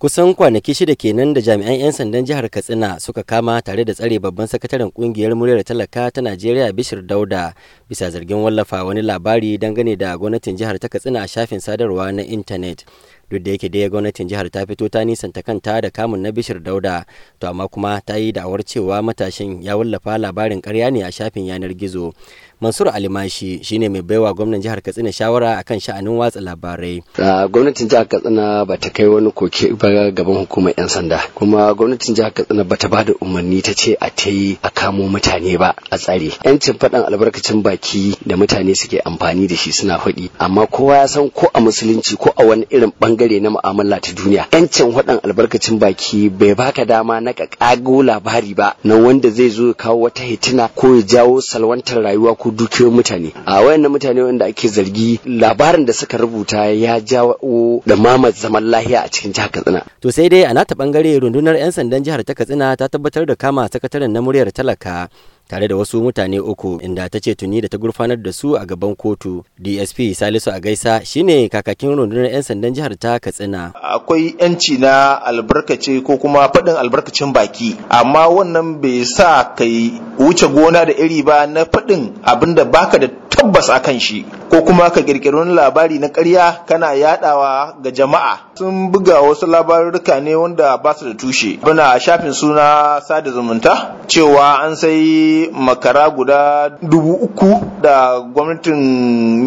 kusan kwanaki shida kenan da jami'an 'yan sandan jihar katsina suka kama tare da tsare babban sakataren kungiyar muryar talaka ta najeriya bishir dauda bisa zargin wallafa wani labari dangane da gwamnatin jihar ta katsina a shafin sadarwa na intanet duk da yake dai gwamnatin jihar ta fito ta nisanta kanta da kamun na bishir dauda to amma kuma ta yi da'awar cewa matashin ya wallafa labarin karya ne a shafin yanar gizo mansur alimashi shine mai baiwa gwamnan jihar katsina shawara akan sha'anin watsa labarai gwamnatin jihar katsina ba ta kai wani koke ba gaban hukumar yan sanda kuma gwamnatin jihar katsina ba ta ba da umarni ta ce a ta yi a kamo mutane ba a tsare yancin faɗan albarkacin baki da mutane suke amfani da shi suna faɗi amma kowa ya san ko a musulunci ko a wani irin bangare bangare na mu'amala ta duniya yancin waɗan albarkacin baki bai baka dama na ƙaƙago labari ba na wanda zai zo kawo wata hitina ko ya jawo salwantar rayuwa ko dukiyoyin mutane a wayan mutane wanda ake zargi labarin da suka rubuta ya jawo da mamat zaman lahiya a cikin jihar Katsina to sai dai a nata bangare rundunar 'yan sandan jihar ta Katsina ta tabbatar da kama sakataren na muryar talaka tare da wasu mutane uku inda ta ce tuni da ta gurfanar da su a gaban kotu dsp salisu a gaisa shine kakakin rundunar 'yan sandan jihar ta katsina akwai 'yanci na albarkace ko kuma faɗin albarkacin baki amma wannan bai sa kai wuce gona da iri ba na faɗin abin baka da tabbas a kan shi ko kuma ka kirkiri wani labari na ƙarya kana yadawa ga jama'a sun buga wasu labarurruka ne wanda ba su da tushe bana shafin suna sada zumunta cewa an sai makara guda dubu uku da gwamnatin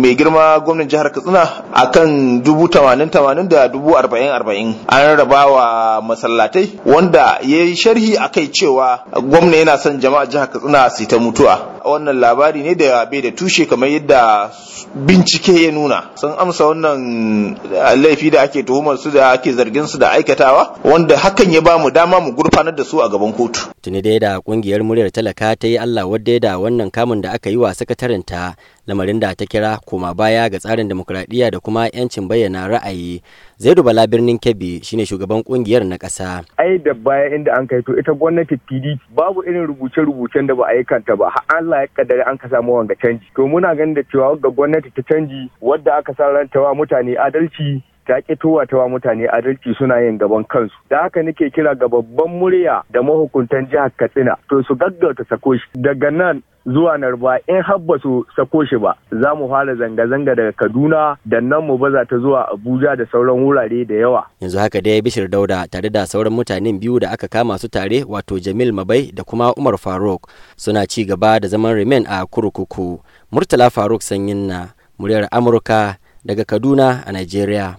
mai girma gwamnan jihar katsina akan dubu tamanin tamanin da dubu arba'in arba'in an raba wa masallatai wanda ya yi sharhi a kai cewa gwamna yana son jama'a jihar katsina su ta mutuwa wannan labari ne da bai da tushe kamar yadda bincike ya nuna sun amsa wannan laifi da ake tuhumar su da ake zargin su da aikatawa wanda hakan ya ba mu dama mu gurfanar da su a gaban kotu tuni dai da kungiyar muryar talaka ta yi allah wadda da wannan kamun da aka yi wa sakatarinta lamarin da ta kira koma baya ga tsarin demokuraɗiyya da kuma yancin bayyana ra'ayi zaidu bala birnin kebbi shine shugaban kungiyar na ƙasa. ai da baya inda an kai to ita gwamnati pdp babu irin rubuce-rubucen da ba a yi kanta ba har allah ya kaddara an ka samu wanga canji to muna ganin da cewa ga gwamnati ta canji wadda aka sa rantawa mutane adalci ta ƙi tuwatawa mutane adalci suna yin gaban kansu da haka nake kira ga babban murya da mahukuntan jihar katsina to su gaggauta sako shi daga nan zuwa narba in har ba su sako shi ba za mu fara zanga-zanga daga kaduna da nan mu baza ta zuwa abuja da sauran wurare da yawa yanzu haka dai bishir dauda tare da sauran mutanen biyu da aka kama su tare wato jamil mabai da kuma umar faruk suna ci gaba da zaman remain a kurkuku murtala faruk sanyin na muryar amurka daga kaduna a nigeria